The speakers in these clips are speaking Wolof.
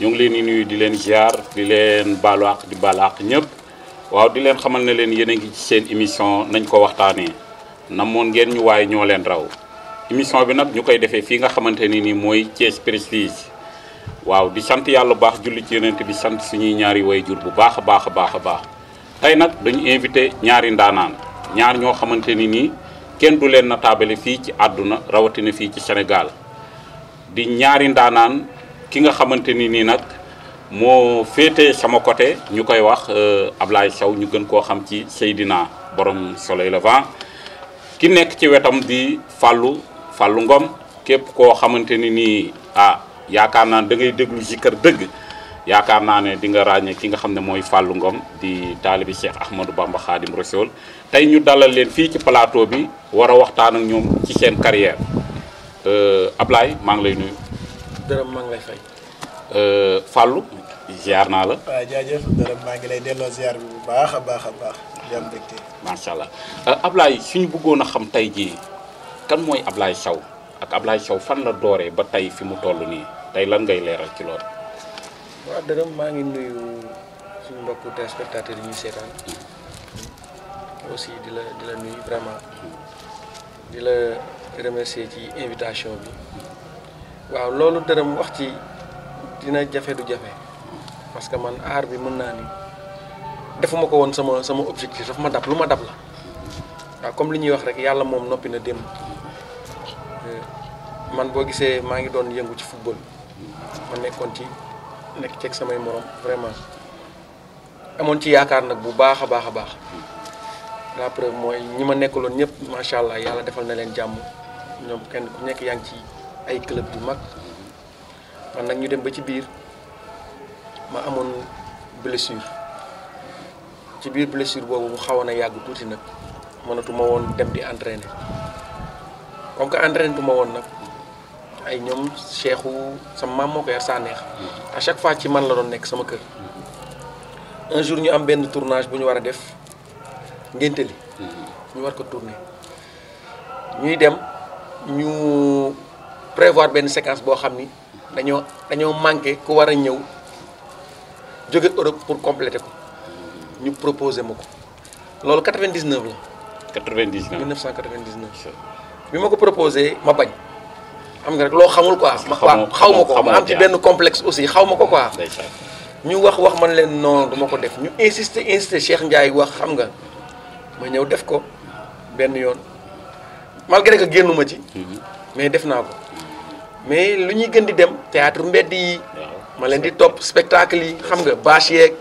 ñu ngi leen di nuyu di leen ziar di leen balax di balax ñep waaw di leen xamal ne leen yéen a ngi ci seen émission nañ ko waxtaanee namoon ngeen ñu waaye ñoo leen raw émission bi nag ñu koy defee fii nga xamante ni moy mooy Thiès Prestige waaw di sant yàlla bu baax julli ci yonent bi sant suñuy ñaari jur bu baax a baax a baax a baax tey nag dañu invité ñaari ndaanaan ñaar ñoo xamante ni kenn du leen na fii ci àdduna rawatina fii ci Sénégal di ñaari ndaanaan ki nga xamanteni ni nak mo fété sama côté ñu wax euh Ablaye saw ñu gën ko xam ci sayidina borom soleil levant ki nekk ci wétam di fallu fallu ngom képp ko xamanteni ni ah yaakaar naa da ngay déglu zikar dëgg yaakaar naa ne di nga ràññee ki nga xam ne mooy fàllu ngom di taalibi Cheikh Ahmadou Bamba Khadim Rasoul tey ñu dalal leen fii ci plateau bi war a waxtaan ak ñoom ci seen carrière euh, Ablaye maa ngi lay nuyu. dërëm maa ngi lay fay. Euh, Fallou ziar naa la. waaw jaajëf dara maa ngi lay delloo ziar bi bu baax a baax a baax di macha allah euh, ablaay suñu bëggoon a xam tey jii kan mooy ablaay saw ak Ablaye saw fan la dooree ba tey fi mu toll nii tey lan ngay leeral ci loolu. waaw dara maa ngi nuyu suñu mbokku téléspectateurs yi ñuy seetaan aussi di la di la nuyu vraiment di la remercier ci invitation bi waaw loolu dërëm wax ci. dina jafe du jafe parce que man art bi mën na ni defuma ko won sama sama objectif daf ma dab luma ma dab la waaw comme liñuy wax rek yalla mom nopi na dem euh, man bo gisé ma ngi doon yëngu ci football ma nekkon ci nek ci sama morom vraiment amon ci yaakaar nak bu baakha baakha baax la preuve moy ñima nekkulon ñep machallah yalla allah defal na len jamm ñom kenn ku nekk yang ci ay club du mag man nak ñu dem ba ci biir ma amone blessure ci biir blessure bobu bu yag nak manatu ma won dem di entraîner comme que entraîner ma won nak ay ñom cheikhou sama mam moko yar sa neex à chaque fois ci man la doon nek sama kër un jour ñu am ben tournage bu ñu wara def ngenteli ñu war ko tourner ñuy dem ñu prévoir ben séquence bo xamni dañoo dañoo manqué ku war a ñëw jóge Europe pour compléter ko ñu proposé ma ko loolu 99 la. 99 1999. bi ma ko proposé ma bañ. xam nga rek loo xamul quoi. waaw xaw ma ko ma am ci benn complexe aussi xaw ma ko ko quoi. ñu wax wax man leen non du ko def ñu insister insister Cheikh Ndiaye wax xam nga ma ñëw def ko benn yoon malgré que génnuma ci. Mhm. mais def naa ko. mais lu ñuy gën di dem théâtre mbedd yi ma leen di top spectacle yi xam nga bâche yeeg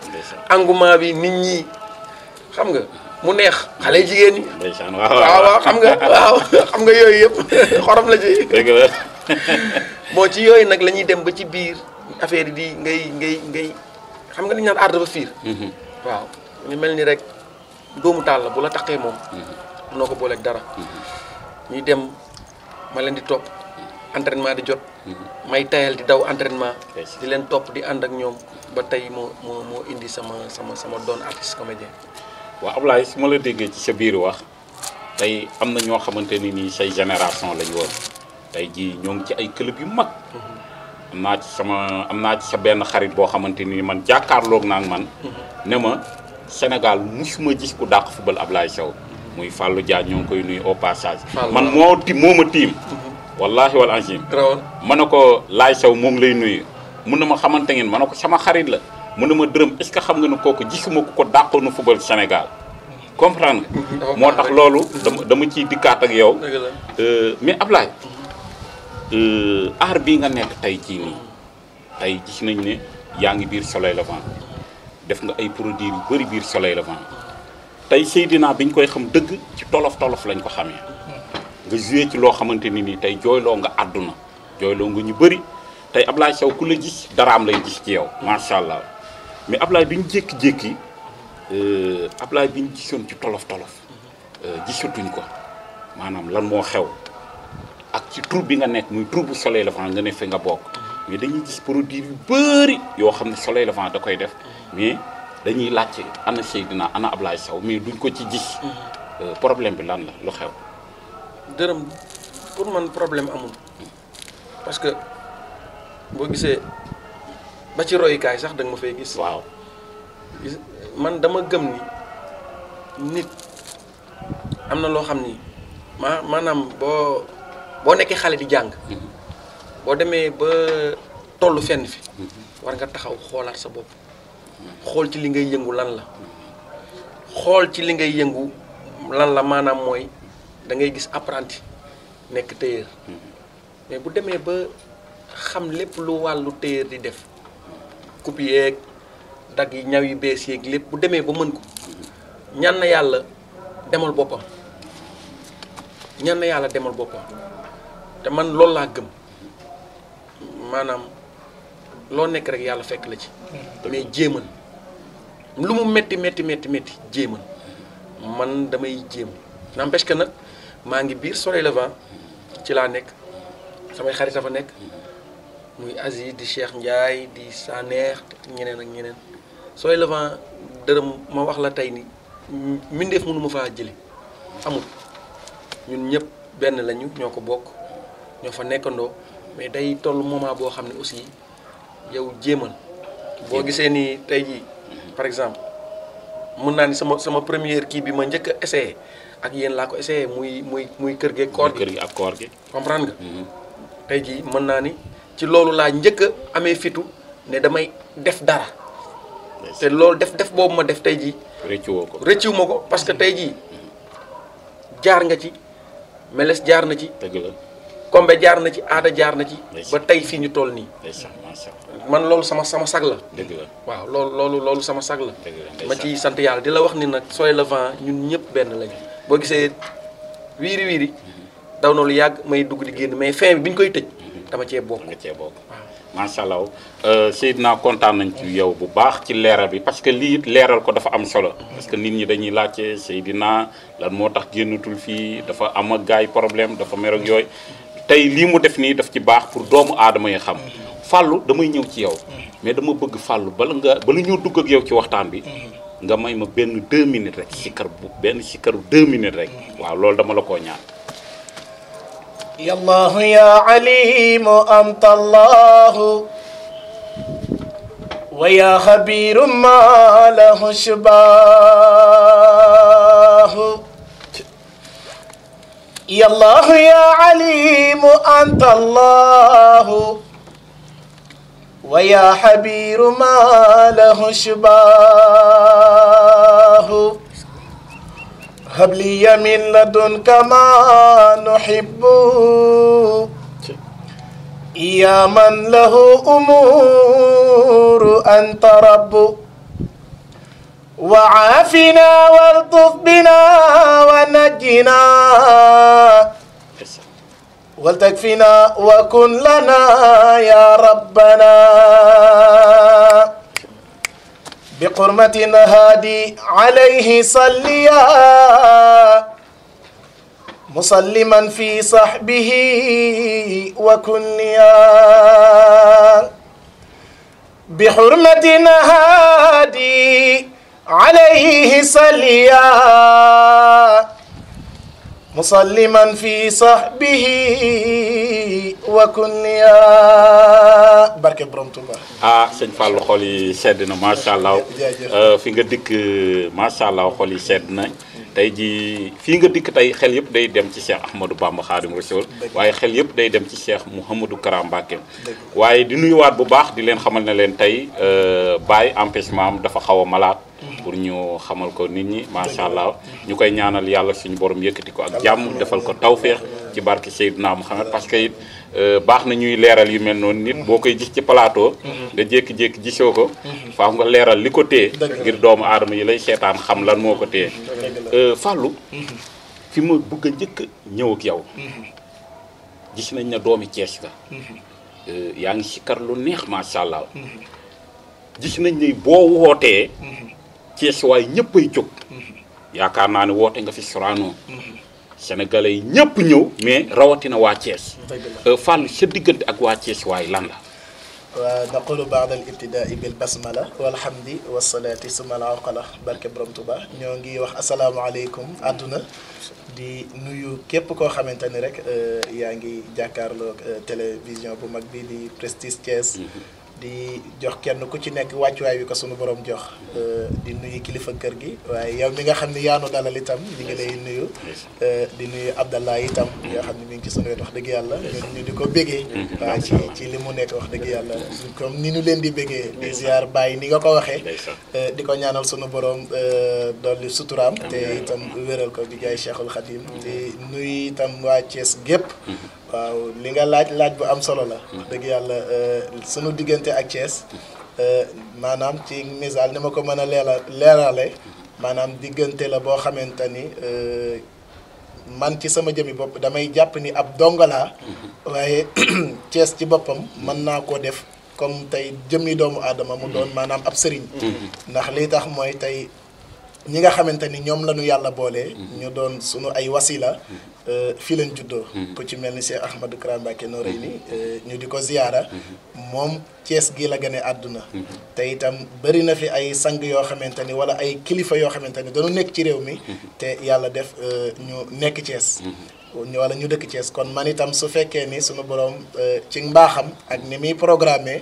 engouement bi nit ñi xam nga mu neex xale jigéen yi waaw waaw xam nga waaw xam nga yooyu yëpp xorom la ci bon ci yooyu nag la ñuy dem ba ci biir affaire di ngay ngay ngay xam nga dañ naan aar ba fiir mhm. waaw ñu mel ni rek doomu taal la bu la taqee moom mënoo mhm. ko booleeg dara mhm. ñuy dem ma leen di topp entraînement di jot. Mhm. may tayal di daw entraînement. di leen topp di ànd ak ñoom ba tey moo moo moo indi sama sama sama doon artiste comédien. waaw Ablaye su ma la déggee ci sa biir wax tey am na ñoo xamante ni nii say génération lañ woon tey jii ñoom ci ay club yu mag. Mhm. am naa ci sama am naa sa benn xarit boo xamante ni man jàkkaarlook naa man. Mhm. ne ma Sénégal musuma gis ku dàq football Ablaye saw muy Fallou Dia ñoo ngi koy nuy au passage. man moo ti moo ma tiim. wallahi wal azim manako lay saw mom lay nuyu munuma manako sama xarit la munuma deureum est ce xam nga ne koku gisuma ko dakonu football Senegal. comprendre motax lolu dama ci dikkat ak yow euh mais ablay euh ar bi nga nek tay ci ni tay gis nañ ne yaangi bir soleil levant def nga ay produits bari bir soleil levant tay sayidina biñ koy xam deug ci tolof tolof lañ ko xamé nga joué ci loo xamante ni nii tey jooyloo nga àdduna jooyloo nga ñu bëri tey Ablaye Sow ku la gis daraam lay gis ci yow macha allah mais Ablaye bi ñu jékki-jékki euh, Ablaye bi ñu gisoon ci tolof tolof euh, gisatuñ ko maanaam lan moo xew ak ci bi nga nekk muy troupe bu Soleil Levant nga ne fi nga bokk mais dañuy gis produit yu bëri yoo xam ne Soleil Levant da koy def mais dañuy laajte ana Seydina ana Ablaye Sow mais duñ ko ci gis euh, problème bi lan la lu xew. dërëm pour man problème amul parce que boo gisee ba ci royukaay sax da ma fay gis. waaw man dama gëm ni nit am na loo xam ni ma maanaam boo boo nekkee xale di jàng. Mhm. boo demee ba tollu fenn fi. Mhm. war nga taxaw xoolaat sa bopp. xool ci li ngay yëngu lan la. xool ci li ngay yëngu lan la maanaam mooy. da ngay gis apprenti nekk tailleur mais bu demee ba xam lépp lu wàllu tailleur di def coupe yeeg dagg yi ñaw yi bees yeeg lépp bu demee ba mën ko ñaan na yàlla demal boppam ñaan yàlla demal boppam te man loolu laa gëm maanaam loo nekk rek yàlla fekk la ci mais jéemal lu mu metti métti métti métti jéemal man damay jéem n'empêche que maa ngi biir soleil levant ci laa nekk samay xarit dafa nekk muy Aziz di Cheikh Ndiaye di Saneex ñeneen ak ñeneen soleil levant dërëm ma wax la tey ni mbindeef mënu ma faa jële amul ñun ñëpp benn lañu ñoo ko bokk ñoo fa nekkandoo mais day toll moment boo xam ne aussi yow jéemal boo gisee ni tey jii par exemple mën naa ni sama sama première kii bi ma njëkk a essayé ak yeen la ko essayer muy muy muy keur ge koor keur mm-hmm. kër gi ak koor gi comprendre nga tay ji man na ni ci lolu la ñeuk a fitu né damay def dara te lolu def def bobu ma def tay ji rëccuwoo woko rëcciwu mako parce que mm-hmm. tay ji mm-hmm. jaar nga ci meles jaar na ci la kombe jaar na ci ada jaar na ci ba tay fi ñu toll ni man lolu sama sama sag la dëgg la waaw lolu lolu sama sag la ma ci sante yalla di la wax ni nag Soleil Levant ñun ñepp ben lañu boo gisee wiiri wiiri daw na lu yàgg may dugg di génn mais fin bi ñu koy tëj dama cee bokk. dama cee bokk macha allah euh, Seydina kontaan nañ ci yow bu baax ci leeral bi parce que lii leeral ko dafa am solo. parce que nit ñi dañuy laajte Seydina lan moo tax génnatul fii dafa am ak gaay problème dafa mer ak yooyu tey lii mu def nii daf ci baax pour doomu aadama yi xam. fàllu damay ñëw ci yow. Mm. mais dama bëgg fàllu bala nga bala ñoo dugg ak yow ci waxtaan bi. Mm. nga may ma benn deux minutes rek sikkar bu benn sikkaru deux minutes rek waaw loolu dama la koo ñaan ya allahu ya alimu anta allahu wa ya xabiru ma lahu shbahu ya allahu ya alimu anta allahu ويا حبير ما له شباه هب لي من لدنك ما نحب يا من له أمور أنت رب وعافنا والطف بنا ونجنا وغلتك فينا وكن لنا يا ربنا بقرمة هادي عليه صليا مسلما في صحبه وكليا بحرمة هادي عليه صليا مسلما في صحبه وكن يا barke borom ah sëñ Fallou xol yi sedd na macha allah euh, fi nga dikk macha allah xol yi sedd na tey ji fii nga dikk tey xel yëpp day dem ci Cheikh Ahmadou Bamba Khadim Rassoul waaye xel yëpp day dem ci Cheikh Mouhamadou Kara Mbacké waaye di nuyuwaat bu baax di leen xamal na leen tey euh, bàyyi empêchement am dafa xaw a malaat pour ñu xamal ko nit ñi macha allah ñu koy ñaanal yàlla suñu borom yëkkati ko ak jàmm defal ko tawféex ci barke Seydina Mouhamed parce que it euh, baax na ñuy leeral yu mel noonu nit boo koy gis ci palaato nga jékki-jékki gisoo ko. faaw nga leeral li ko téye. ngir doomu aadama yi lay seetaan xam lan moo ko téye. Euh, Fallou. fi ma bëgg a njëkk ñëw ak yow. nañ ne doomi Cees la. Euh, yaa ngi sikkar nañ ni boo wootee. Cees waay ñëpp ay jóg mm-hmm. yaakaar naa ne woote nga fi Sorano mm-hmm. sénégalais yi ñëpp ñëw mais rawatina waa Cees euh, Fall sa diggante ak waa Cees waay lan la naqulu baada al ibtidaai bil basmala walhamdi wasalaati suma al awqala barke borom Tuba ñoo ngi wax asalaamaaleykum àdduna di nuyu képp koo xamante ni rek euh, yaa ngi jàkkaarloo euh, télévision bu mag bii di Prestige Thiès mm-hmm. di jox kenn ku ci nekk wàcc waay bi ko sunu boroom jox euh, di nuyu kilifa kër gi waaye yow mi nga xam ne yaanu dalal itam ñu ngi lay nuyu euh, di nuyu itam yoo xam ne mi ngi ci sunu wet dëgg yàlla di ko bégee mm-hmm. waaw ci ci li mu nekk wax dëgg yàlla comme ni ñu leen di bégee di ziar bàyyi ni nga ko waxee euh, di ko ñaanal sunu borom dolli suturaam te itam wéral ko bi jaay Cheikhul Khadim mm-hmm. di nuyu itam waa Thiès gépp mm-hmm. waaw li nga laaj laaj bu am solo la. wax dëgg yàlla euh, sunu diggante ak Thiès euh, maanaam ci misaal ni ma ko mën a leera leeraale maanaam diggante la boo xamante ni euh, man ci sama jëmmi bopp damay jàpp ni ab dongo mm-hmm. waaye Thiès ci boppam mën naa ko def comme tey jëmmi doomu aadama mu doon mm-hmm. maanaam ab sëriñ. Mm-hmm. ndax li tax mooy tey. ñi nga xamante ni ñoom lañu yàlla boole. ñu doon sunu ay wasila. Euh, fii lañ juddoo. Mm-hmm. ku ci mel ni si Cheikh Ahmadou Kara Mbacké nii mm-hmm. euh, ñu di ko ziyaara. Mm-hmm. moom Cees gii la gane àdduna. te itam bëri na fi ay sang yoo xamante ni wala ay kilifa yoo xamante ni dañu nekk ci réew mi. te yàlla def euh, ñu nekk Cees. wala ñu dëkk Cees kon man itam su fekkee ni sunu borom ci mbaaxam ak ni muy programmé.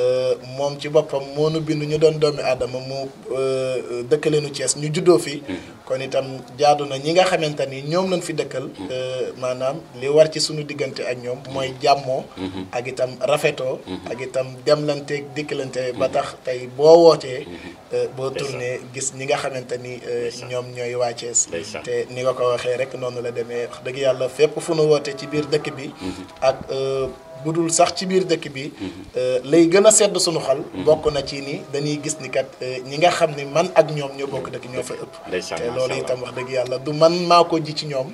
Euh, moom ci boppam moo nu bind ñu doon doomi aadama mu euh, dëkkaleenu Thiès ñu juddoo fi. Hmm. kon itam jaadu na ñi nga xamante ni ñoom lañ fi dëkkal. Hmm. Euh, maanaam li war ci suñu diggante ak ñoom mooy jàmmoo. Hmm. ak itam rafetoo. ak itam demlanteeg dikkalante ba tax tey boo wootee. boo tourné gis ñi nga xamante ni ñoom ñooy waa Thiès. te ni nga ko waxee rek noonu la demee wax dëgg yàlla fépp fu nu wootee ci biir dëkk bi. ak. bu dul sax ci biir dëkk bi euh, lay gën a sedd suñu xal mhm. bokk na ci ni dañuy gis ni kat euh, ñi nga xam ni man ak ñoom ñoo bokk dëkk ñoo fa ëpp te loolu itam wax dëgg yàlla du man maa ko ji ci ñoom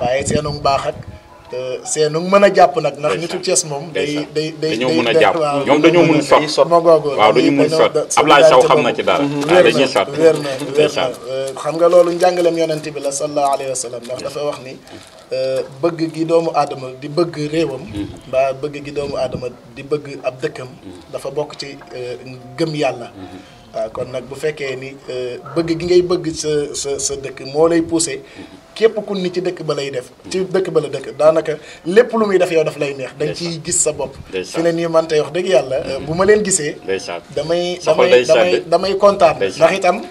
waaye seenu baax ak euh, seenu mën a jàpp nag ndax nitu Cees moom day day day dañoo mën a jàpp ñoom dañoo mun sot moo googu waaw dañu mun sot Ablaye Sow xam na ci dara mhm. dañuy sot wér na wér xam nga loolu njàngaleem yonent bi la sallallahu alayhi wa sallam ndax dafa wax ni Euh, bëgg gi doomu aadama di bëgg réewam hmm. mbaa bëgg gi doomu aadama di bëgg ab dëkkam hmm. dafa bokk ci euh, gëm yàlla hmm. waaw kon nag bu fekkee ni euh, bëgg gi ngay bëgg sa sa sa dëkk moo lay poussé képp kun ni ci dëkk ba lay def ci dëkk ba la dëkk daanaka lépp lu muy def yow daf lay neex dañ ciy gis sa bopp fi ne nii man tey wax dëgg yàlla bu ma leen gisee damay damay damay damay kontaan ndax itam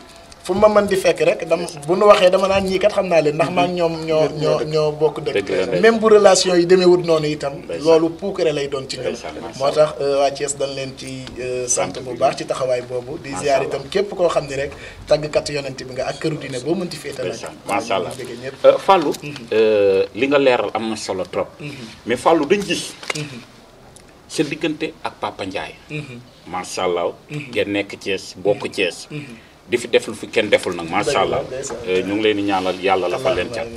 fu ma man di fekk rek dama bu nu waxee dama naan ñii kat xam naa leen ndax maa ngi ñoom ñoo ñoo bokk dëkk même bu relation yi demeewut noonu itam loolu puukare lay doon ci ngël moo tax euh, waa Thiès dañ leen ci euh, sant bu baax ci taxawaay boobu di ziar itam képp koo xam ne rek kat yonent bi nga ak këru diine boo mënti féeta la macha allah euh, Fallou mhm. li nga leeral am solo trop mhm. mais Fallou dañ gis mhm. sa diggante ak Papa Ndiaye macha allah ngeen nekk Thiès bokk Thiès di fi def lu fi kenn deful nag macha allah euh, ñu ngi leen di ñaanal yàlla la fa leen cat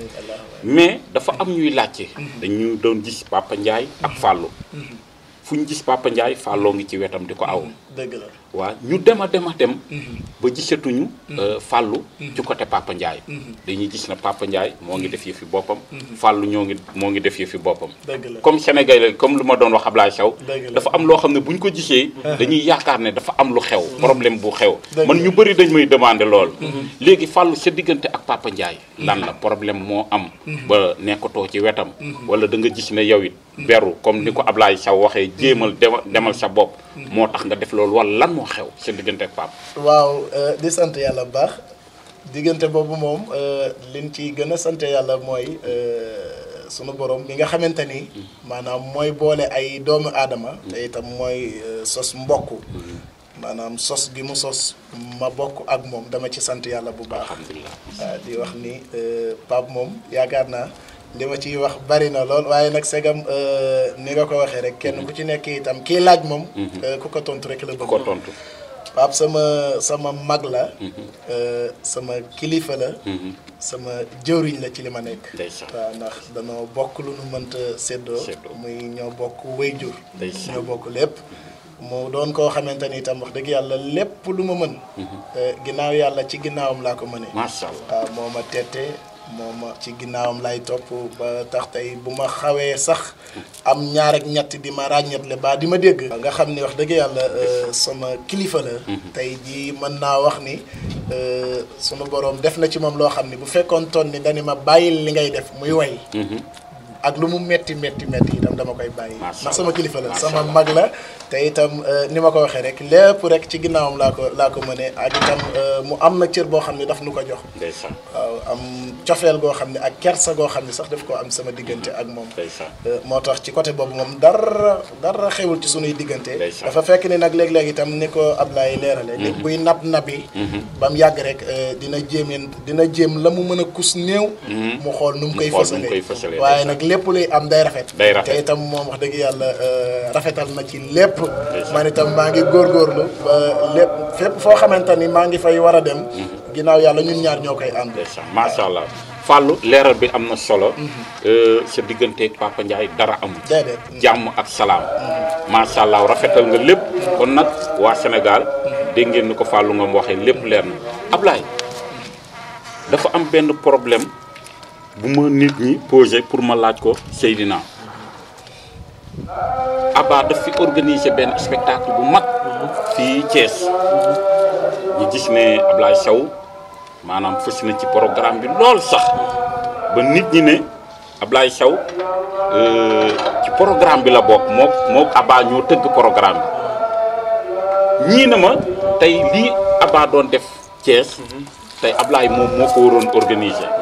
mais dafa am ñuy laajte. Mm-hmm. dañu doon gis Papa Ndiaye ak mm-hmm. Fallou mm-hmm. fu ñu gis Papa Ndiaye Fallou ngi ci wetam di ko aw dëgg la waaw ñu dem a dem a dem. Mhm. ba gisatuñu. Mhm. Euh, fàllu mhm. ci côté Papa Ndiaye. dañuy gis na Papa Ndiaye moo ngi def yëfi boppam. fàllu ñoo ngi moo ngi def yëfi boppam. comme Sénégal comme lu ma doon wax Ablaye Sow. dafa am loo xam ne bu ñu ko gisee. Ah. dañuy yaakaar ne dafa am lu xew. problème bu xew. man ñu bëri dañ may demander lool. léegi fàllu sa diggante ak Papa Ndiaye. lan la problème moo am. ba nekkatoo ci wetam. wala da nga gis ne yow beru comme ni ko Ablaye Sow waxee jéemal demal sa bopp. moo tax nga def loolu wala lan moo xew seen diggante ak Pape. waaw euh, di sant yàlla bu baax diggante boobu moom euh, liñ ci gën a sant yàlla mooy euh, sunu borom mi nga xamante ni. Hmm. maanaam mooy boole ay doomu aadama. Hmm. te itam mooy sos mbokk. Hmm. maanaam sos gi mu sos ma bokk ak moom dama ci sant yàlla bu baax. alhamdulilah di wax ni Pape moom yaakaar naa. li ma ciy wax bari na lool waaye nag segam euh, ni nga ko waxee rek kenn mhm. ku ci nekk itam kii laaj moom. Mhm. Euh, ku ko tontu rekk la bëgg. ko tontu Pape sama sama mag la. Mhm. Euh, sama kilifa la. sama jëwriñ la ci li ma nekk. waaw ndax danoo bokk lu nu mënta séddoo. muy ñoo bokk wayjur ñoo bokk lépp. moo doon koo xamante ni itam wax dëgg yàlla lépp lu ma mën. ginnaaw yàlla ci ginnaawam laa ko mënee. macha allah waaw moo ma tette moom ci ginnaawam lay topp ba tax tey bu ma xawee sax am ñaar ak ñett di ma ràññetle ba di ma dégg. nga xam ni wax dëgg yàlla euh, sama kilifa la. Mhm. tey jii mën naa wax ni euh, sunu boroom def na ci moom loo xam ni bu fekkoon toon ni dañu ma bàyyil li ngay def muy way. Mhm. ak lu mu metti metti metti itam dama koy bàyyi ndax sama kilifa la sama mag la te itam euh, ni ma ko waxee rek lépp rek ci ginnaawam laa ko laa ko mënee ak itam euh, mu am na cër boo xam ne daf nu ko jox waaw am cofeel goo xam ne ak kersa goo xam ne sax daf ko am sama diggante ak moom euh, moo tax ci côté boobu moom dara dara xewul ci sunuy diggante dafa fekk ni nag léeg-léeg itam ni ko Ablaye leerale nit mhm. buy nab nabi mhm. ba mu yàgg rek dina jéemeen dina jéem la mu mën a kus néew mhm. mu xool nu mu koy lepp lay am day rafet day rafet te itam moom wax dëgg yàlla euh, rafetal na ci lepp man itam ma ngi góorgóorlu ba lépp fépp foo xamante ni maa ngi fay wara dem mhm. ginaaw yalla ñun ñaar ñokay am. ma sha allah fallu leral bi am mhm. euh ce digeunte ak Papa ndjay dara am mhm. jamm ak ma sha allah rafetal nga lepp kon nak wa senegal de ngeen ko fallu ngam waxe lepp leer ablay dafa am benn problème bu ma nit ñi posé pour ma laaj ko Seydina Abba daf fi organiser benn spectacle bu mag fii Thiès ñu gis ne Ablaye sew maanaam fës na ci programme bi lool sax ba nit ñi ne Ablaye Sow euh, ci programme bi la bokk mook mook ñoo tëgg programme bi ñii na ma tey lii Abba doon def Thiès mhm. tey Ablaye moom moo ko waroon organiser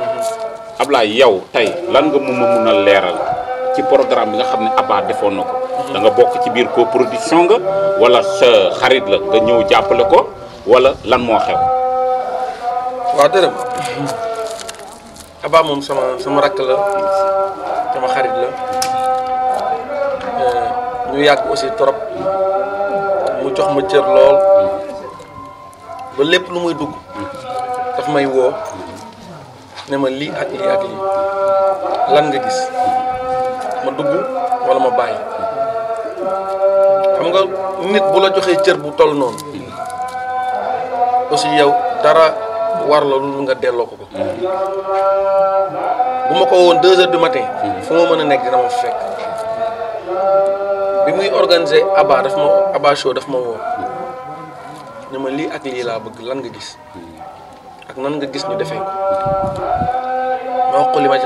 ablaye yow tay lan nga mu meuna leral ci programme bi nga xamne aba abba da nga bok ci bir ko production nga wala sa xarit la nga ñew jappale ko wala lan mo xew wa dërëm aba mom sama sama rak la sama xarit la euh, ñu yàgg aussi torop mu jox ma cër lool ba lepp lu muy dugg daf may wo ne ma lii ak lii ak lii lan nga gis ma dugg wala ma bàyyi xam nga nit bu la joxee cër bu toll noonu aussi yow dara war la lu nga delloo ko ko bu ma ko woon deux heures du matin fu ma mën a nekk dina ma fekk bi muy organiser aba daf ma aba show daf ma woo ne ma lii ak lii laa bëgg lan nga gis ak nan nga gis ñu defee ko ma wax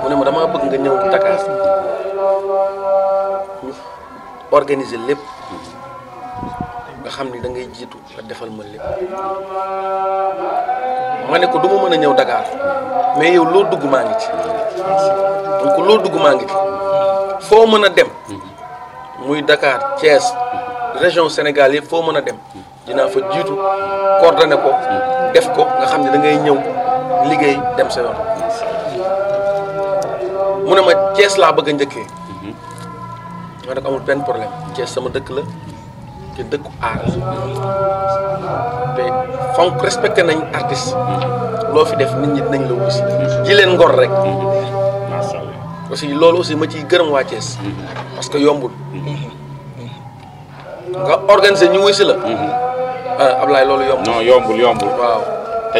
ko li mu ne ma dama bëgg nga ñëw Dakar ñu lépp nga xam ni dangay jiitu nga defal ma lépp ma ne ko du ma mën a ñëw Dakar mais yow loo dugg maa ngi ci donc loo dugg maa ngi ci foo mën a dem muy dakaar cees région Sénégal yëpp foo mën a dem dinaa fa jiitu coordonné ko. def ko nga xam ne dangay ñëw liggéey dem sa yoon. mu ne ma Thiès laa bëgg a njëkkee. ma ne ko amul benn problème Thiès sama dëkk la te dëkku aar te fonk respecté nañ artiste. loo fi def nit ñi dinañ la wusi ji leen ngor rek. macha allah loolu aussi ma ci gërëm waa Thiès. parce que yombul. Mm-hmm. nga organiser ñu wusi la. Mm-hmm. Euh, Ablaye loolu yombul. non yombul yombul. waaw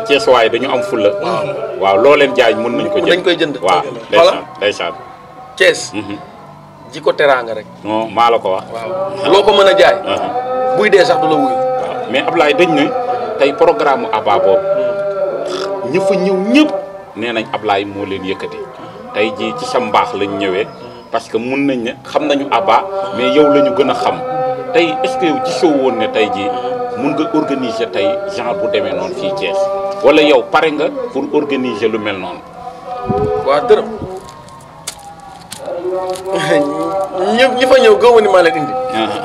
Cees waaye dañu am fulla. waaw waaw loo leen jaay mun nañ ko jënd dañ koy jënd. waaw ndeysaan ndeysaan. Cees. Mhm. ji teraanga rek. non maa la ko wax. loo ko mën a jaay. Uh-huh. buy dee sax du la wuyu. waaw mais Ablaye dañ ne tey programme mu Abba boobu. Hmm. ña ñëw ñëpp. nee nañ Ablaye moo leen yëkkati. tey jii ci sa mbaax lañ ñëwee. parce que mun nañ ne xam nañu Abba mais yow la ñu gën a xam. tey est-ce que yow woon ne tey jii mun nga organiser tey genre bu demee noonu fii Thiès wala yow pare nga pour organise lu mel noonu. waa dërëm ñëpp ñi fa ñëw gëwuma ni maa leen indi. Ah.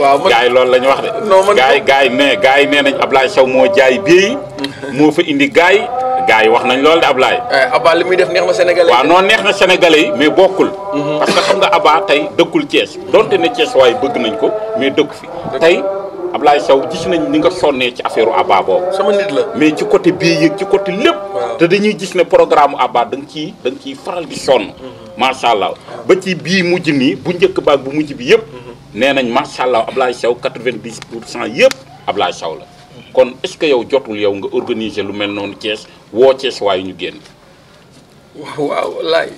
waaw man gars yi la ñu wax de. non man gars gars yi nee gars yi nee nañ Ablaye Sow moo jaay bii moo fa indi gars yi. gars yi wax nañ loolu de Ablaye. Eh, Abba li muy def neex na sénégalais yi. waaw neex na sénégalais yi mais bokkul. Mhm. parce que xam nga Abba tey dëkkul Thiès donte ne cees waaye bëgg nañ ko mais dëkk fi tey. Ablaye Sow gis nañ ni nga sonnee ci affaire Abba boobu. sama nit la mais ci côté bii yëg ci côté lépp. te dañuy gis ne programme Abba da nga ciy da nga ciy faral di sonn. Mm-hmm. macha allah ba ci bii mujj nii bu njëkk baag bu mujj bi yëpp. Mm-hmm. nee nañ macha allah Ablaye Sow 90 pour cent yëpp Ablaye Sow la. Mm-hmm. kon est-ce que yow jotul yow nga organiser lu mel noonu Thiès woo Thiès waayu ñu génn. waaw waaw laay.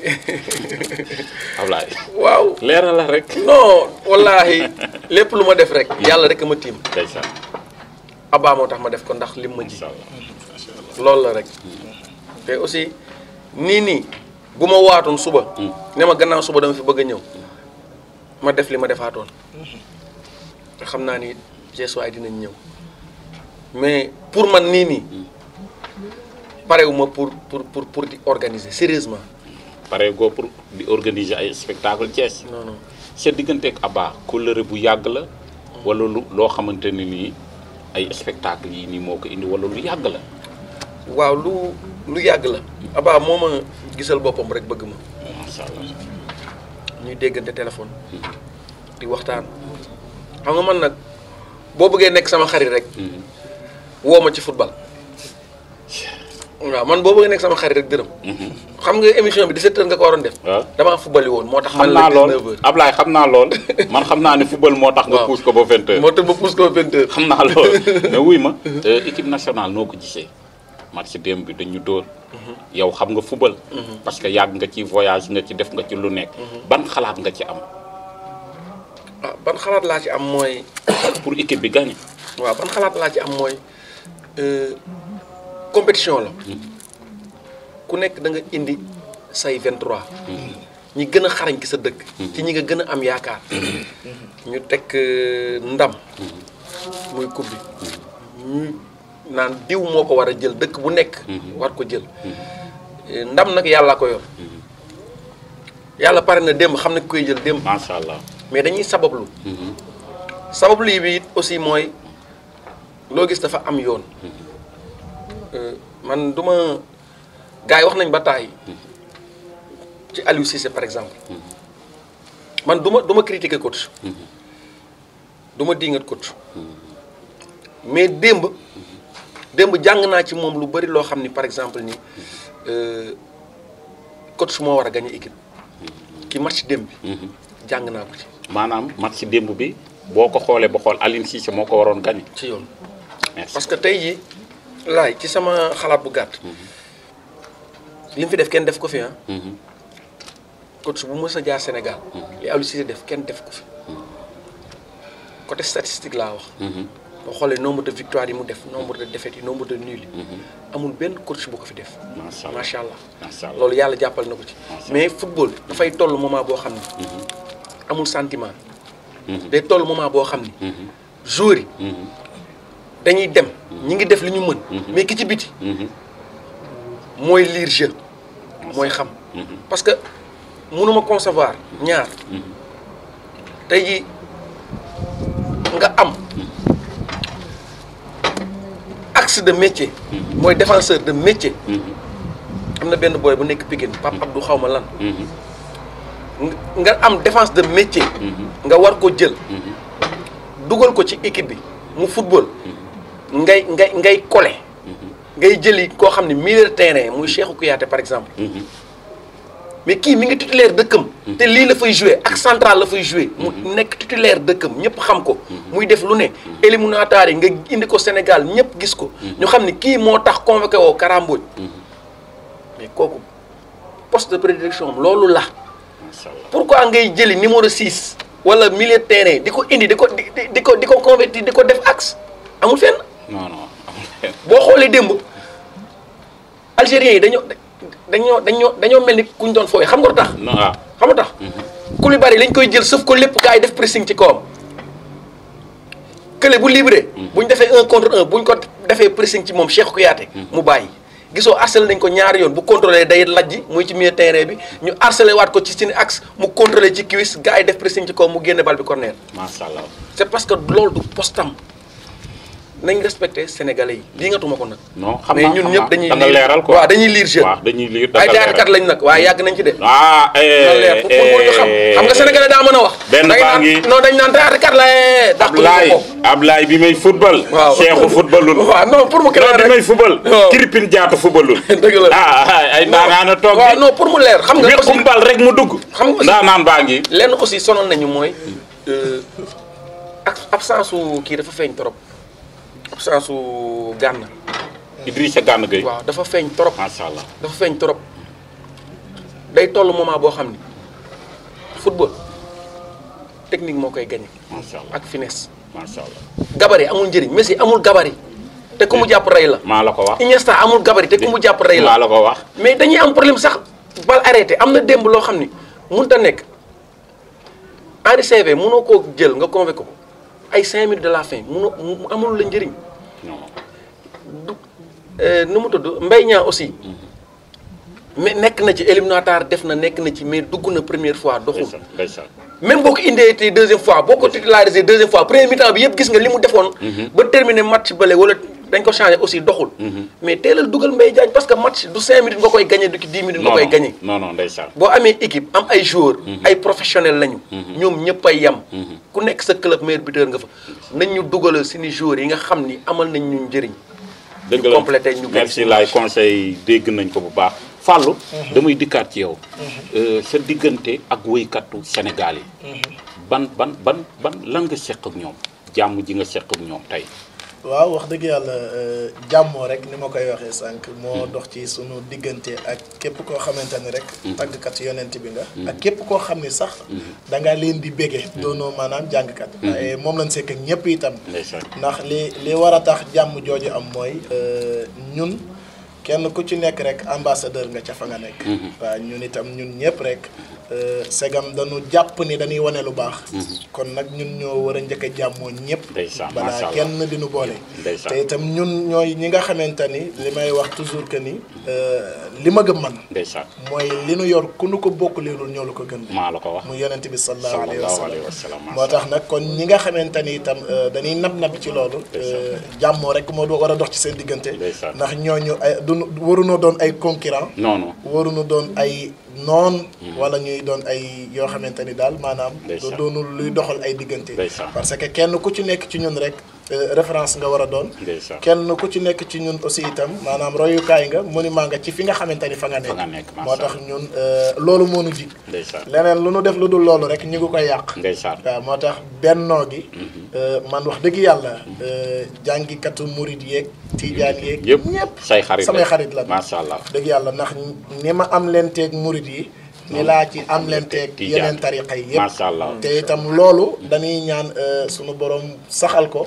waaw leer na la rek. non wallaahi lépp lu ma def rek. yàlla rek ma tiim. ndeysaan moo tax ma def ko ndax lim ma ji. loolu la rek. te aussi nii nii bu ma waatoon suba. Mm. ne ma gannaaw suba dama fi bëgg a ñëw. ma def li ma defaatoon. te xam naa ni Cees waay dinañ ñëw. mais pour man nii nii. Mm. parewuma pour pour pour pour di organiser sérieusement paré go pour di organiser ay spectacle Thiès non non sa digënté ak aba couleur bu yag la wala lu lo xamanteni ni ay spectacle yi ni moko indi wala lu yag la waaw lu lu yag la Abba moma gisal bopam rek bëgg ma machallah ñuy dégganté téléphone di waxtaan xam nga man nak bo bëggé nek sama xarit rek mm-hmm. woma ci football waaw man boo bëggee nekk sama xarit rek dërëm. Mhm. xam nga émission bi 17h nga ko waroon def. waaw ah. damaa football woon moo tax. xam naa lool Ablaye xam naa lool man xam naa ne football moo tax. nga pousse ko ba 20h. moo tax ba pousse ko ba 20h. xam naa lool mais wuy ma. Euh, équipe nationale noo ko gisee. match démb bi dañu dóor. Mhm. yow xam nga football. Mhm. parce que yàgg nga ci voyage nga ci def nga ci lu nekk. ban xalaat nga ci am. Ah, ban xalaat laa ci am mooy. pour équipe bi gagné. waaw ban xalaat laa ci am mooy. Euh, compétition la ku nekk da nga indi say 23. ñi gën a xarañ ci sa dëkk. ci ñi nga gën a am yaakaar. ñu teg euh, ndam. muy coupe bi ñu naan diw moo ko war a jël dëkk bu nekk. war ko jël euh, ndam nag yàlla ko yor. yàlla pare na démb xam na koy jël démb. macha allah mais dañuy sabablu. Mhm. sabablu yi bi it aussi mooy loo gis dafa am yoon. Euh, man duma gars wax nañ ba ci Aliou Cissé par exemple man duma duma critiquer coach duma dingat coach mais demb demb jang na ci mom lu bari lo xamni ni par exemple ni euh, coach mo wara gagner équipe ki match demb jang na ko ci manam match demb bi boko xolé xoolee ba xool Aline Cissé moko waron gagner ci yoon parce que tay jii Lai, ci sama xalaat bu mhm. fi def kenn def ko fi ah. mhm. coach bu je Sénégal. Mhm. li def kenn def ko fi. côté statistique wax. nombre de victoires, yi mu def nombre de défaites yi nombre de nuls. yi. amul benn coach bu ko fi def. allah loolu yàlla jàppal na ko ci. mais football dafay toll moment boo xam amul sentiment. day toll moment boo xam dañuy dem ñi ngi def li ñu mën mhm. mais ki ci biti moy mhm. lire je moy xam mhm. parce que mënuma concevoir ñaar tay ji nga am axe de métier moy défenseur de métier amna benn boy bu nekk pigine pap Abdou xawma lan nga am défense de métier nga war ko jël dugal ko ci équipe bi mu football ngay ngay ngay kole mhm. ngay jëli koo xam milieu terrain muy mhm. Cheikhou Kouyaté par exemple mhm. mais kii mi ngi titulaire deukum té li la fay jouer ak central la fay jouer mu nekk titulaire deukum ñep xam ko muy def lu ne éliminatoire nga indi ko Sénégal ñep gis ko ñu xam ki mo tax convoqué woo Karambooj mais kooku poste de prédilection am loolu la pourquoi ngay jëli numéro 6 wala milieu terrain diko indi diko diko diko convertir diko def axe amul fenn non non boo xoolee démb algériens yi dañoo dañoo dañoo dañoo mel ni ku ñu doon fooyee xam nga lu tax. waaw ah. xam nga tax. ku mhm. Koulibaly lañ koy jël sëf ko lépp gars yi def pressing ci kawam. kële bu libéré. Mhm. bu ñu defee un contre un bu ñu ko defee pressing ci moom Cheikh Kouyaté. Mhm. mu bàyyi gisoo harcelé nañ ko ñaari yoon bu contrôlé day lajj muy ci milieu terrain bi ñu harcelé waat ko ci seen axe mu contrôlé ci cuisse ga yi def pressing ci kawam mu génne bal bi corner. macha allah c'est parce que loolu du postam nañ respecté sénégalais yi lii nga ko nag. non xam naa ñun ñëpp dañuy. danga leeral quoi dañuy liir jeune. waaw dañuy liir danga leeral ay jaarkat nag waaye yàgg nañ ci de. ah eh, leer pour eh, daa mën a wax. benn baa ngi non dañ naan jaarkat la eh, dàq Ablaye bi may football. waaw Cheikhou footballul. pour mu clair rek bi may football. waaw oh. Kripin Diatta footballul. Ah, ah, ay ndaanaan a toog. waaw non pour mu leer xam nga. aussi mbal rek mu dugg. xam nga aussi ndaanaan baa ngi. lenn aussi sonal nañu mooy euh, absence kii dafa feeñ trop sansu su Idrissa gan gay waaw dafa feeñ trop. macha allah dafa feñ torop day toll moment bo xamni football technique mo koy gagné. macha allah ak finesse. macha allah gabarit amul jëri Messi amul gabaré té ku mu jàpp rey la. ma la ko wax Iniesta amul gabaré té ku mu jàpp rey la. ma la ko wax mais dañuy am problème sax bal arrêté amna demb lo xamni xam ni mënut a nekk Henri Saivet mënoo jël nga convoqué ko ay 5 minutes de la fin mënoo amul la njëriñ. Euh, nu mu tudd Mbaye aussi mais nekk na ci éliminatoire def na nek na ci mais dugg na première fois doxul même boko ko indee deuxième fois boko ko titularisé deuxième fois premier mi-temps bi yépp gis nga limu mu mhm. ba terminer match balé wala dañ ko changer aussi doxul mhm. mais teelal dugal Mbaye Diagne parce que match du 5 minutes nga koy gagné du 10 minutes nga koy gagné non non ndeysaan bo amé équipe am ay joueurs mhm. ay professionnels lañu ñom ñëpp ay yem ku nek sa club meilleur buteur nga fa nañ ñu dugalal suñu joueurs yi nga xamni amal nañ ñu njëriñ dëgg la complété ñu merci laay conseil dégg nañ ko bu baax Fallou mhm. damay dikkaat ci yow mhm. euh, sa diggante ak woykattu Sénégal yi mhm. ban ban ban ban lan nga seq ak ñoom jàmm ji nga seq ak ñoom tey waaw wax dëgg yàlla euh, jàmmoo rek ni ma koy waxee sànq. moo hmm. dox ci suñu diggante ak képp koo xamante ni rek. Hmm. tàggkat yonent bi nga. Hmm. ak képp koo xam ni sax. da nga leen di béggee doonoo maanaam jàngkat. waaye moom lañ sekk ak ñëpp itam. ndax li li war a tax jàmm jooju am mooy euh, ñun. kenn ku ci nekk rek ambassadeur nga ca fa nga nekk. waaw ñun itam ñun ñëpp rek Euh, segam dañu jàpp ni dañuy wane lu baax. Mhm. kon nag ñun ñoo war a njëkk a jàmmoo ñëpp. balaa kenn di nu boole. te itam ñun ñooy ñi nga xamante ni li may wax toujours que ni. Euh, li ma gëm man. mooy li nu yor ku nu ko bokk leelul ñoo la ko gën. maa la ko wax mu yonent bi sallallahu alayhi wa sallam moo tax nag kon ñi nga xamante ni itam euh, dañuy nab nab ci loolu. jàmmoo rek moo war a dox ci seen diggante. ndax ñoo ñu ay du waruñoo doon ay concurrent. non waruñu doon ay. noon hmm. wala ñuy doon ay yoo xamante ni daal maanaam doonul luy doxal ay diggante parce que kenn ku ci nekk ci ñun rek Euh, référence nga war a doon kenn ku ci nekk ci ñun aussi itam maanaam royukaay nga maa nga ci fi nga xamante ni fa nga nekk moo tax ñun euh, loolu moo nu ji leneen lu nu def lu dul loolu rek ñu ngi koy yàq waaw moo tax bennoo gi mhm. euh, man wax dëgg yàlla jàngikatu murid yeeg tiijaan yeeg ñépp samay xarit la macha allah dëgg yàlla ndax ni ma am leen teeg murid yi ni laa ci am lenteeg yeneen tariqa yi yëpp te itam loolu dañuy ñaan euh, sunu borom saxal ko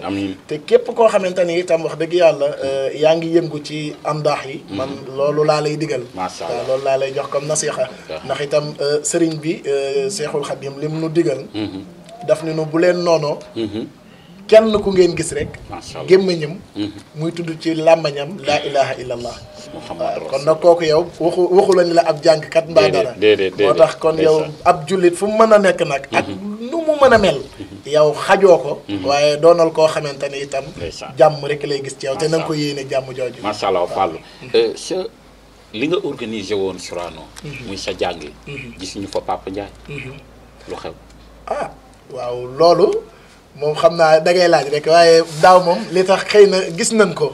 te képp koo xamante ni itam wax dëgg yàlla euh, yaa ngi yëngu ci am daax yi mm-hmm. man loolu laa lay digal waaw loolu laa lay jox comme seexa ndax itam euh, sëriñ bi Seexul Xadim lim nu digal mm-hmm. daf ni nu bu leen noonoo mm-hmm. kenn ku ngeen gis rek gémmiñam muy tudd ci làmbañam laa ilaha illallah Muhammad ah, Rasul kon nag kooku yow waxu waxu la ni la ab jàngkat mbaa dara moo tax kon yow ab jullit fu mu mën a nekk nag mhm. ak nu mu mën a mel mhm. yow xajoo ko mhm. waaye doonal koo xamante ni itam jàmm rek lay gis ci yow te na nga ko yéene jàmm jooju macha allah Fallou euh, sa li nga organisé woon Sorano muy sa jàng gis ñu fa Papa Ndiaye lu xew ah waaw loolu moom xam naa dangay laaj rek waaye daaw moom li tax xëy na gis nañ ko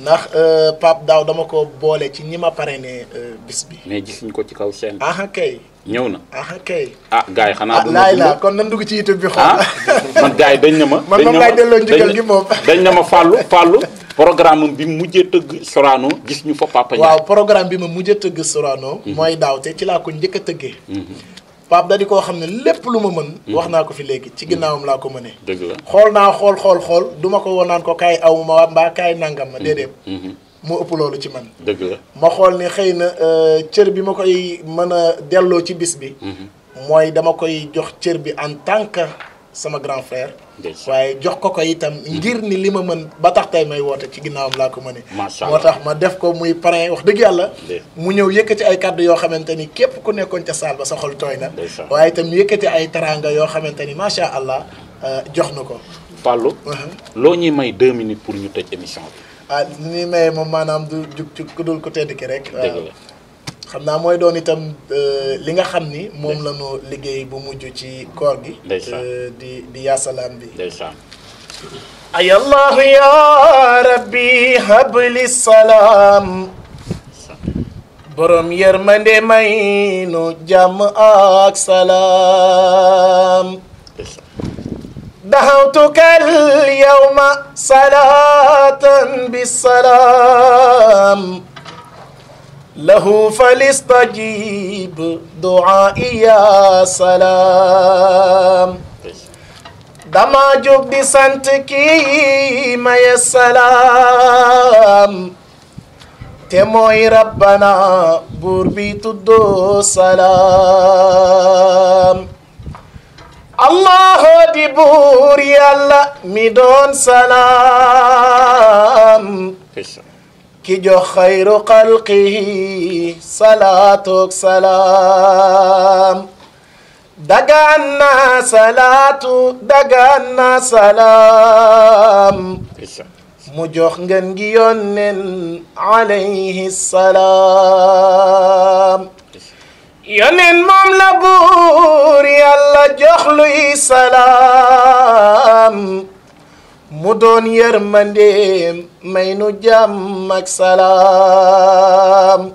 ndax euh, Pape Daaw dama ko boole ci ñi ma ne euh, bis bi. mais gis gisuñ ko ci kaw seen. ah kay. ñëw na ah kay. ah gars yi xanaa. Ah, du laay la kon nan dugg ci YouTube bi ah, xool. man dañ na ma. man moom laay dañ na ma fàllu fàllu programme bi mujjee tëgg Sorano gis ñu fa Papa Ndiaye. waaw programme bi ma mujjee tëgg Sorano. Mhm. mooy daaw te ci laa ko njëkk a tëggee. Mhm. Pape da di koo xam ne lépp lu ma mën. Mm-hmm. wax naa ko fi léegi ci ginnaawam laa ko mënee. dëgg la xool naa xool xool xool du ma ko wonaan ko kaay aw ma mbaa kaay nàngam ma déedéet. moo mm-hmm. mm-hmm. ëpp loolu ci man. dëgg la ma xool ni xëy na euh, cër bi ma koy mën a delloo ci bis bi. mooy dama koy jox cër bi en tant que. sama grand frère. waaye jox ko ko itam. ngir ni li ma mën ba tax tey may woote ci ginnaawam laa ko mënee. macha allah moo tax ma def ko muy parrain wax dëgg yàlla. mu ñëw yëkkati ay kàddu yoo xamante ni képp ku nekkoon ca saal ba sa xol tooy na. waaye itam yëkkati ay taraanga yoo xamante ni macha allah euh, jox na ko. Fallou. Uh-huh. loo ñuy may deux minutes pour ñu tëj émission bi. ah ni may moom maanaam du jug ci ku dul ko tedd ki rek. xam naa mooy doon itam euh, li nga xam ni moom la ñu liggéey bu mujj ci koor euh, di di yaasalaam bi ay allah ya rabbi habli salaam borom yërmande may nu jàmm ak salaam دعوتك اليوم صلاة بالسلام له فليستجيب دعائي يا سلام دما جوك دي سنتكي ما يا سلام تموي ربنا بوربي تدو سلام الله دي بوري الله ميدون سلام كجو خير قلقه صلاتك سلام دقنا صلاته دقنا سلام مجوخ نجيون عليه السلام يونين مملبور يالله جوخ سلام mu doon yërmandeem may nu jàmm ak salaam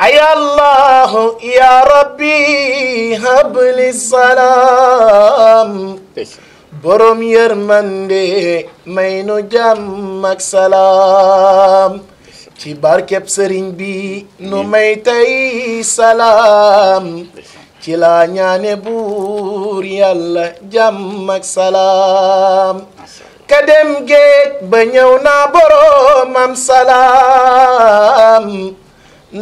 ay allahu ya rabbi habli salaam borom yërmande may nu jàmm salaam ci barkeb sëriñ bi nu may tey salaam ci laa ñaane buur yàlla jàmm salaam ka dem géej ba ñëw naa boroomam salaam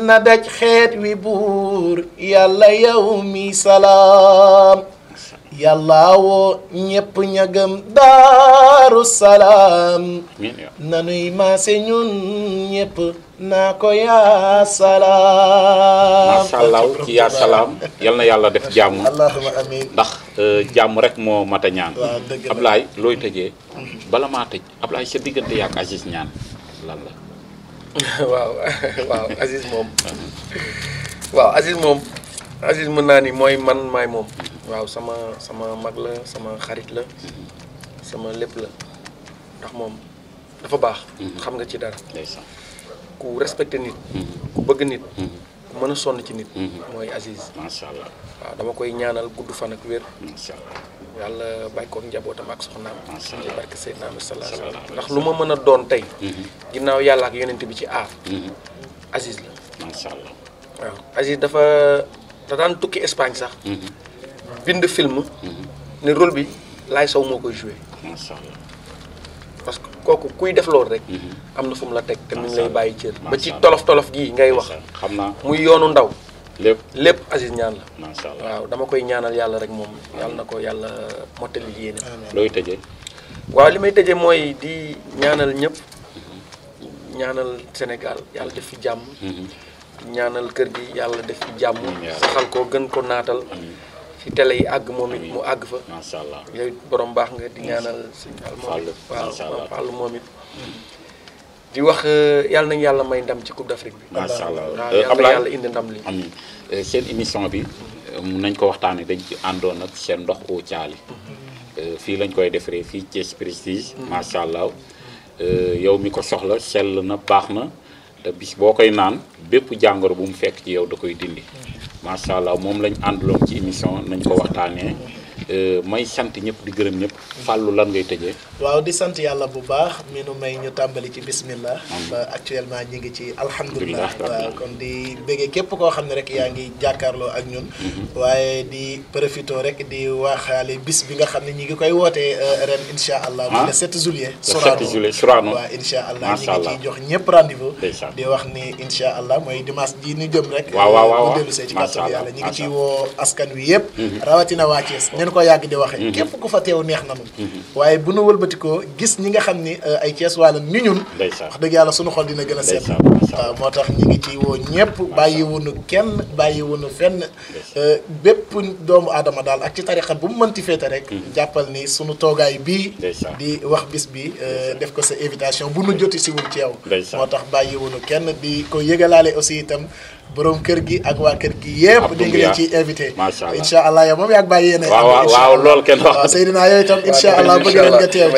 na daj xeet wi buur yàlla yow mi salaam yàlla woo ñépp ña daaru salaam nanuy maase ñun ñépp nako ya salam masallaw ki ya yalna yalla def jamm def jam. ndax eh, jamm rek mo mata ñaan ablay loy teje bala ma tej ablay sa digënté yak Aziz ñaan lan la waaw waaw Aziz mom. waaw Aziz mom. Aziz mo nani ni man may mom waaw sama sama mag la sama xarit la sama lepp la ndax mom dafa bax mhm. xam nga ci dara ku respecté nit ku bëgg nit mhm. ku mën a sonn ci nit mhm. mooy Aziz macha allah waaw dama koy ñaanal gudd fan ak wér macha yàlla bàyyi koog njabootam ak soxnaam ci barke ndax lu ma mën a doon tey mhm. ginnaaw yàlla ak yonent bi ci aar Aziz la macha allah waaw Aziz dafa da tukki Espagne sax bind film ne rôle bi Laye Sow moo koy joué kooku kuy def loolu rek. Mhm. am na fu mu la teg te mu ngi lay bàyyi cër. ba ci tolof tolof gii ngay wax. xam naa muy yoonu ndaw. lépp lépp Aziz ñaan la. macha allah waaw dama koy ñaanal yàlla rek moom yàlla na ko yàlla mottali yéene. looy tëjee. waaw li may tëjee mooy di ñaanal ñëpp. Mhm. ñaanal Sénégal yàlla def fi jàmm. Mhm. ñaanal kër gi yàlla def fi jàmm. saxal ko gën ko naatal. ci télé yi ag momit mu ag fa macha allah yow borom bax nga di ñaanal signal moom waaw momit di wax eh, yalla nañu yalla may ndam ci coupe d'afrique bi macha allah eh, yàlla yàlla indi ndam li amiin eh, seen émission bi mu nañ ko waxtane dañ ci ando nak seen ndox o tiali fi lañ koy defere fi ci Prestige mm-hmm. macha allah yow mi ko soxla sel na baxna te boo koy naan bépp jàngoro bu mu fekk ci yow da koy dindi macha allah moom lañ ànduloon ci émission nañ ko waxtaanee. Euh, may sant ñëpp di gërëm ñëpp. fàllu lan ngay tëjee. waaw di sant yàlla bu baax mi nu may ñu tàmbali ci bismillah ba actuellement ngi ci alhamdulilah. kon di bëggee képp koo xam ne rek yaa ngi jàkkaarloo ak ñun. Mm-hmm. waaye di profité rek di waxaale bis bi nga xam ne ñu ngi koy wootee euh, ren incha allah. ma ah? le 7 juillet. Sorano le 7 allah ñi ngi ciy jox ñëpp rendez-vous. di wax ni incha allah mooy dimanche ji ñu jëm rek. waaw waaw waaw euh, mu dellu see ci kàttan yàlla ñi ngi ciy woo askan wi yëpp. Mm-hmm. rawatina waa Thiès oh. ko yàgg di waxee mhm. képp ku fa teew neex na nu mhm. waaye bu nu wëlbatikoo gis ñi nga xam ni euh, ay Cees walla ni ñun wax dëgg yàlla suñu xol dina gën a seet moo tax ñi ngi ci woo ñëpp bàyyiwunu kenn bàyyi bàyyiwunu fenn euh, bépp doomu aadama daal ak ci tarixa bu mu mënti féete rek mhm. jàppal ni suñu toogaay bii di wax bis bi euh, def ko sa invitation bu nu joti siwul ci yow moo tax bàyyiwunu kenn di ko yëgalaale aussi itam borom kër gi ak waa kër gi yëpp ñu ngi leen ciy invité macha allah incha allah moom yaa ngi bàyyi yéen waaw waaw lool kenn wax waaw Seydina yooyu tam incha allah bëgg nañ nga teew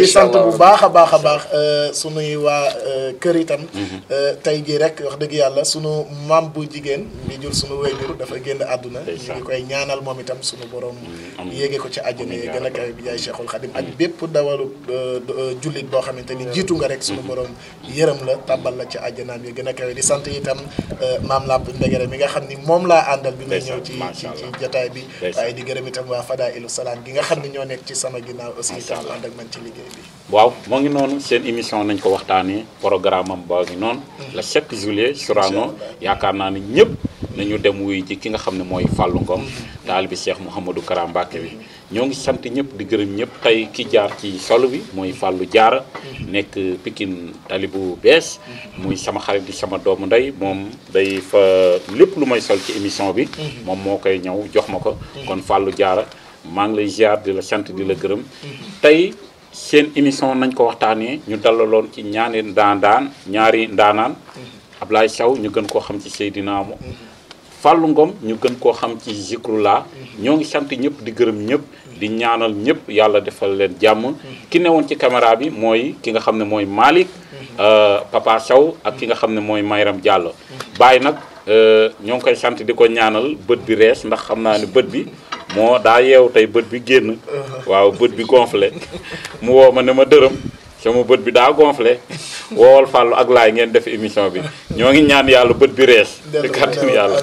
ci sant bu baax a baax a baax euh, sunuy waa euh, kër itam mhm. euh, tey jii rek wax dëgg yàlla sunu maam bu jigéen bi jur sunu wéyjur dafa génn àdduna ñu ngi koy ñaanal moom itam sunu borom mhm, yéege ko ci àjjana yi gën a kawe bi jaay Cheikhul Khadim ak mhm. bépp dawalu jullit boo xamante ni jiitu nga rek sunu borom yërëm la tàbbal la ci àjjanaam yi gën a kawe di sant itam Euh, maam làmp ndegere mi nga xam ni moom laa àndal bi may ñëw ci ci ci jataay bi waaye gi nga xam ne ñoo nekk ci sama ginnaaw aussi itam ànd ak man ci liggéey bi waaw moo ngi noonu seen émission nañ ko waxtaanee programme am baa ngi noonu mm-hmm. la 7 juillet Sorano yaakaar naa ne ñëpp nañu dem wuy ci ki nga xam ne mooy Fallou Ngom mm-hmm. taal bi Cheikh Mouhamadou Kara Mbacké bi mm-hmm. ñoo ngi sant ñëpp di gërëm ñëpp tey ki jaar ci solo bi mooy Fallou jaar nekk Pikine tali bu bees muy sama xarit di sama doomu ndey moom day fa lépp lu may sol ci émission bi moom moo koy ñëw jox ma ko kon Fallou jaar maa ngi lay ziar di la sant di la gërëm tey seen émission nañ ko waxtaanee ñu dalaloon ci ñaari ndaandaan ñaari ndaanaan Ablaye saw ñu gën koo xam ci Seydina Mo Fallou ngoom ñu gën koo xam ci laa ñoo ngi sant ñëpp di gërëm ñëpp di ñaanal ñëpp yàlla defal leen jàmm ki newoon ci caméra bi mooy ki nga xam ne mooy Malick euh, Papa Sow ak ki nga xam ne mooy Mayram Diallo bàyyi nag euh, ñoo ngi koy sant di ko ñaanal bët bi rees ndax xam naa ne bët bi moo daa yeew tey bët bi génn waaw bët bi gonflé mu woo ma ne ma dërëm sama bët bi daa gonflé wowal fallu ak lay ngeen def émission bi ñoo ngi ñaan yàlla bët bi rees ci kàttan yàlla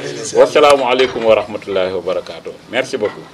alaykum wa rahmatullahi wa barakatuh merci beaucoup